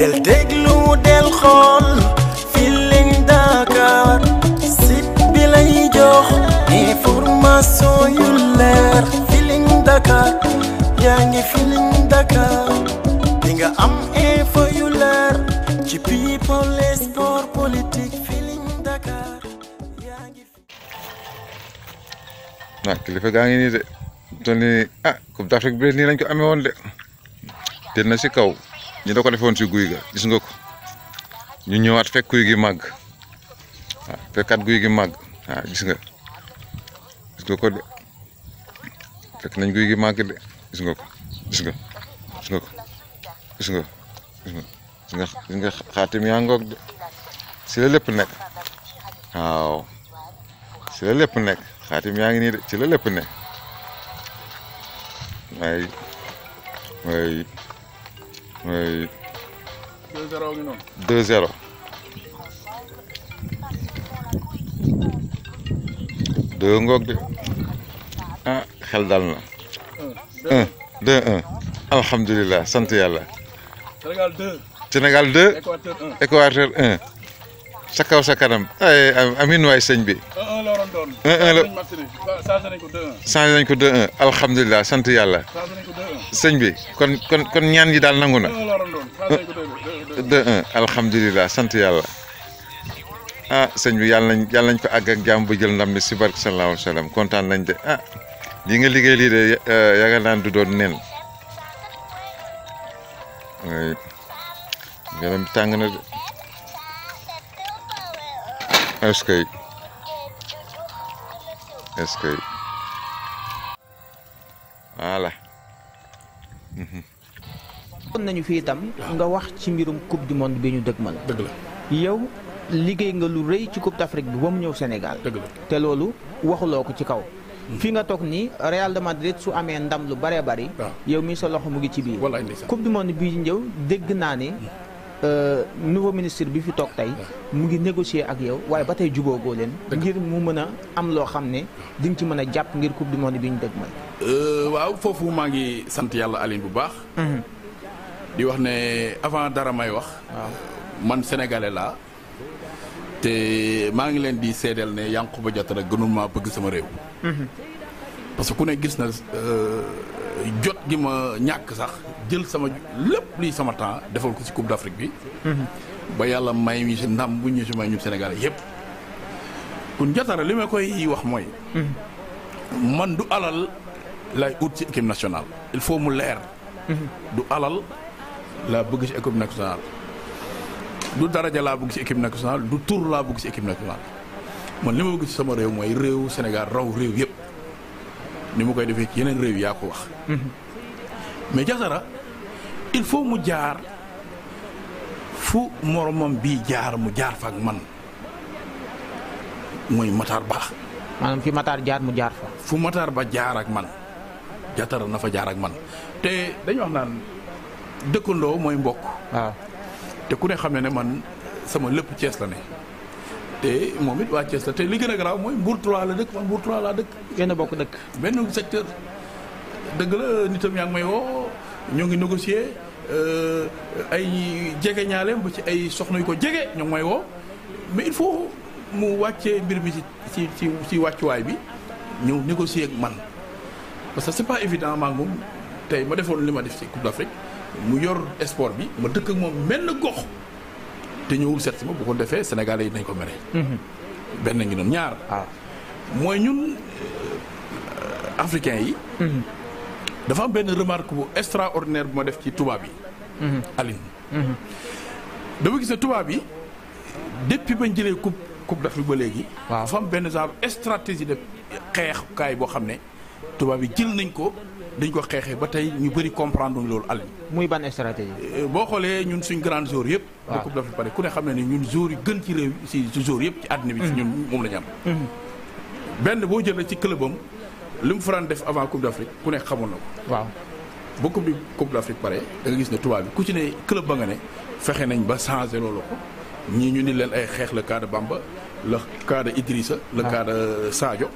del déglu del xool Feeling Dakar site bi lay jox information yu leer Feeling Dakar yaa ngi Feeling Dakar di nga am info yu leer ci people et sport politique Feeling Dakar yaa ngi. ah kilifa gaa ngi nii de toll nii ah Coupe d'Afrique bi nii lañ ko amee woon de. dina si kaw. ñu da ko defoon si guy ga gis nga ko ñu ñëwaat fekk guy gi màgg waaw guy gi màgg gis nga de fekk nañ guy gi màgg de gis nga ko gis nga gis nga gis nga gis nga gis nga xaatim yaa ngoog de si la lépp nekk waaw si la lépp ngi nii de la lépp nekk oui. 2-0 ngi de ah xel dal na. 1 2 sant yàlla. Sénégal 2. Équateur 1 sa kaw sa kanam amin waay sëñ bi. 1-1 la waroon doon. 1-1 nañ ko sant yàlla. changé sëñ bi kon kon kon ñaan yi daal nangu na. 1-1 la waroon yàlla. ah sëñ bi yàlla nañ yàlla nañ ko àgg ak jàmm jël ndam bi si barke sallallahu alayhi kontaan nañ de ah lii liggéey lii de eh, yaakaar naa du doon nen. gërëm tàng na est-ce que nañu fi itam nga wax ci mbirum coupe du monde bi ñu dëgmal. dëgg la yow liggéey nga lu rëy ci coupe d'Afrique bi ba mu ñëw senegal dëgg te loolu waxuloo ko ci kaw. fi nga toog nii Real de Madrid su amee ndam lu bëree bëri. yow mii sa loxo mu ngi ci biir. coupe du monde bii ñëw dégg naa ne. Euh, nouveau ministre bi fi toog tey mu ngi négocier ak yow waaye ba tey juboogoo leen ngir mu mën a am loo xam ne di nga ci mën a jàpp ngir coupe du monde bi ñu dëgg may euh, waaw foofu maa ngi sant yàlla Alioune bu baax mhm. di wax ne avant dara may wax man sénégalais laa te maa ngi leen di seedeel ne Yankhoba Diattara gënul maa bëgg sama réew mhm. parce que ku ne gis na euh, jot gi ma ñàkk sax jël sama lépp lii sama temps defal ko ci Coupe d'Afrique bi. Mhm. ba yàlla may ñu ci ndam bu ñu ci may ñu Sénégal yépp kon jotara li ma koy wax mooy. Mhm. man du alal lay ut ci équipe nationale. il faut mu leer. Mhm. du alal laa bëgg ci équipe nationale. du daraja laa bëgg ci équipe nationale du tur laa bëgg ci équipe nationale man li ma bëgg ci sama réew mooy réew Sénégal raw réew yépp. li mu koy defee ci yeneen réew yaa ko wax. mais jasara il faut mu jaar fu moromam bii jaar mu jaar fa ak man muy Matar Ba. maanaam fi Matar jaar mu jaar fa. fu Matar Ba jaar ak man jasara na fa jaar ak man te dañu wax naan dëkkandoo mooy mbokk. waaw te ku ne xam ne ne man sama lëpp Cees la ne. te moom it wàccee sa te li gën a garaaw mooy Mbour 3 la dëkk man Mbour 3 laa dëkk. ngeen bokk dëkk. benn secteur dëgg la nitam yaa ngi may woo ñoo ngi négocier euh, ay jege ñaaleem ba ci ay soxna yu ko jege ñoom mooy may woo mais il faut mu wàccee mbir mi ci ci ci wàccuwaay bi ñu négocier ak man parce que c'est pas évident maa ngi moom tey ma defoon li ma def ci Coupe d'Afrique mu yor sport bi ma dëkk moom mel gox. te ñëwul seet si ma bu ko defee sénégalais yi nañ ko mere. Mhm. benn ngi noonu ñaar. Ah. mooy ñun euh, africain yi. Mhm. dafa am benn remarque bu extraordinaire bu ma def ci tubaab yi. Mhm. Aline. dafa gis ne tubaab yi depuis bañ jëlee coupe coupe d'Afrique ba léegi. waaw dafa am benn genre stratégie de xeexukaay boo xam ne tubaab yi jël nañ ko. dañ ko xeexee ba tey ñu bëri comprendre loolu àll muy ban stratégie. Euh, boo xoolee ñun suñ grand jour yëpp. waaw coupe d'Afrique pare ku ne xam ne ni ñun jour yi gën ci réew si si yëpp ci àddina bi. ñun mm-hmm. moom la ñu mm-hmm. benn boo jëlee ci clubam li mu faran def avant coupe ku ne xamoon na ko. waaw ba coupe bi coupe d'Afrique pare da nga gis ne tubaab bi ku ci ne club ba nga ne fexe nañ ba changé loolu ko ñii ñu ni leen ay xeex la cas de Bamba le cas de Idrissa. le ah. cas de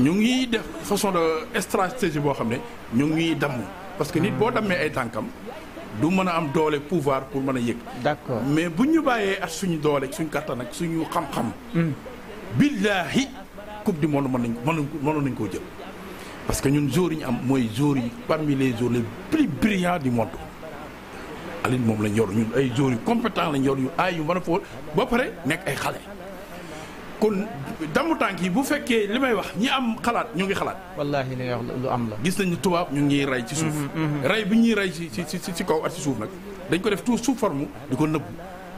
ñu ngi def façon de stratégie boo xam ne ñu ngi damm parce que nit boo dammee ay tànkam du mën a am doole pouvoir pour mën a yëg. d'accord mais bu ñu bàyyee ak suñu doole suñu kattan ak suñu xam-xam. Hmm. billaahi di du monde mën nañ ko mënoon nañ koo jël. parce que ñun joueurs ñu am mooy joueurs yi parmi les joueurs les plus brillants du monde. Aline moom lañ yor ñun ay joueurs yu compétents lañ yor yu aay yu mën a fóot ba pare nekk ay xale. kon damu tànk yi bu fekkee li may wax ñi am xalaat ñoo ngi xalaat. wallaahi li nga wax lu am la. gis nañu tubaab ñu ngi rey ci suuf. Mm-hmm, mm-hmm. rey bi ñuy rey ci ci ci kaw ak ci suuf nag dañ ko def tout sous forme di ko nëbbu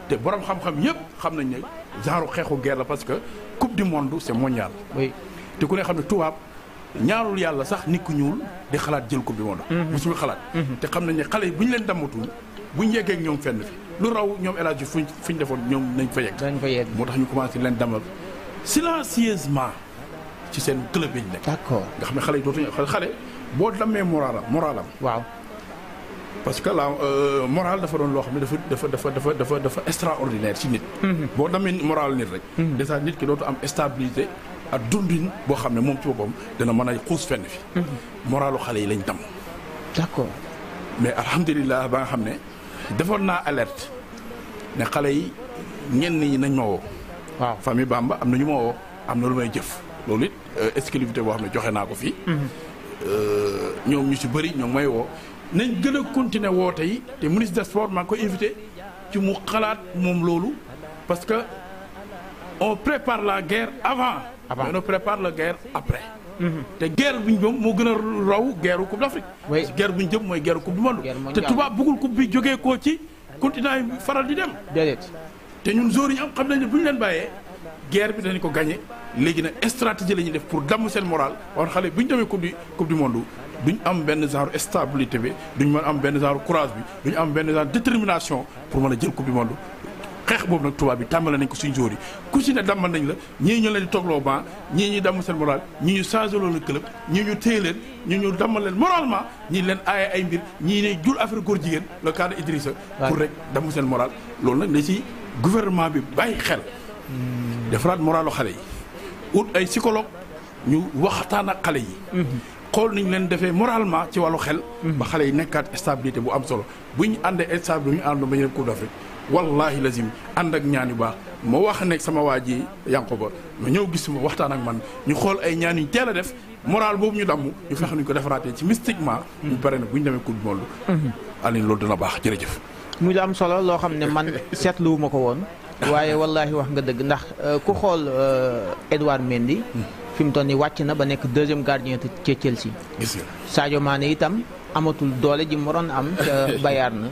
te boroom xam-xam yëpp xam nañ ne genre xeexu geer la parce que coupe du monde c'est mondial. oui te ku ne xam ne tubaab ñaarul yàlla sax nit ku ñuul di xalaat jël coupe du monde. Mm-hmm. bu suñu xalaat. te xam nañ ne xale yi bu ñu leen dammatul bu ñu yeggee ñoom fenn lu raw ñoom El Hadj fuñ fuñ defoon ñoom nañ fa moo tax ñu commencé leen damal silencieusement ci seen club yi ñu nekk. nga xam ne xale yi dootuñu xale boo dammee moralam moralam. waaw parce que la euh, moral dafa doon loo xam ne dafa dafa dafa dafa dafa dafa extraordinaire ci nit. Mhm. boo dammee moral nit rek. Mhm. déjà nit ki dootu am stabilité ak dundin boo xam ne moom ci boppam dana mën a xuus fenn fi. Mhm. moralu xale yi lañ damm. d'accord mais alhamdulilah ba nga xam ne defoon naa alerte ne xale yi ñenn yi nañ ma waaw famille Bamba am na ñu ma woo am na lu may jëf loolu it euh, exclusivité boo xam ne joxe naa ko fii. Mhm. Euh, ñoom ñu si bëri ñoom may woo nañ gën a continuer woote yi te ministre des sports maa ngi koy invité ci mu xalaat moom loolu parce que on prépare la guerre avant. avant mais on prépare la guerre après. Mhm. te guerre bu ñu jëm moo gën a raw guerre coupe d'Afrique. oui bu ñu jëm mooy guerre coupe du monde. te tubaab bëggul coupe bi jógee koo ci continent yi faral di dem. déedéet. te ñun joueurs yi ñu am xam nañ ne bu ñu leen bàyyee guerre bi dañ ko gagné léegi nag stratégie la ñuy def pour damm seen moral war xale bu ñu demee coupe du coupe du monde am benn genre stabilité bi duñ mën am benn genre courage bi du ñu am benn genre détermination pour mën a jël coupe du monde xeex boobu nag tubaab bi tàmbale nañ ko suñ jóor yi ku si ne dammal nañ la ñii ñu leen di toogloo ban ñii ñuy damm seen moral ñii ñu changé loolu club ñii ñu téye leen ñu dammal leen moralement ñii leen aaye ay mbir ñii ne jur affaire góor jigéen le cas de rek damm seen moral loolu nag da si gouvernement bi bàyyi xel defaraat moralu xale yi ut ay psychologue ñu waxtaan ak xale yi xool niñ leen defee moralement ci wàllu xel ba xale yi nekkaat stabilité bu am solo bu ñu àndee stable ñu àndoon ba ñu dem Coupe d'Afrique wallahi lazim ànd ak ñaan yu baax ma wax ne sama waa ji Yankoba ma ñëw gis ma waxtaan ak man ñu xool ay ñaan yu teel a def moral boobu ñu damm ñu fexe nuñ ko defaraatee ci mystiquement ñu pare na bu ñu demee Coupe du Monde mhm. Aline loolu dana baax jërëjëf muy lu am solo loo xam ne man seetluwuma ko woon waaye wallaahi wax nga dëgg ndax euh, ku xool euh, Edouard Mendy hmm. fi mu toll nii wàcc na ba nekk deuxième gardien ca Chelsea. Sadio Mané itam amatul doole ji moroon am ca Bayern na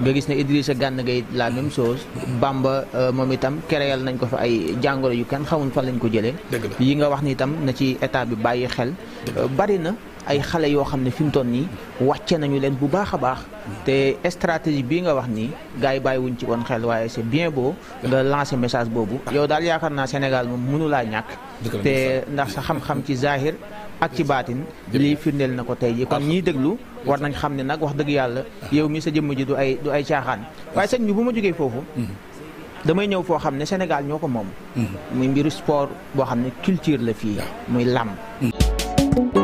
nga gis ne Idrissa Gana Gueye la même chose Bamba euh, moom itam kereyal nañ ko fa ay jàngoro yu kenn xamuñ fan lañ ko jëlee yi nga wax ni itam na ci état bi bàyyi xel bari na ay xale yoo xam ne fi mu toll nii wàcce nañu leen bu baax a baax te stratégie bii nga wax nii gars yi bàyyiwuñ ci woon xel waaye c'est bien boo nga lancer message boobu yow daal yaakaar naa Sénégal moom mënu laa ñàkk te ndax sa xam-xam ci zahir ak ci baatin lii firndeel na ko tey ji kon ñiy déglu war nañ xam ne nag wax dëgg yàlla yow mi sa jëmm ji du ay ay caaxaan waaye sëñ bi bu ma jógee foofu mm-hmm. damay ñëw foo xam ne Sénégal ñoo ko moom mm-hmm. muy mbiru sport boo xam ne culture la fii muy làmb mm-hmm.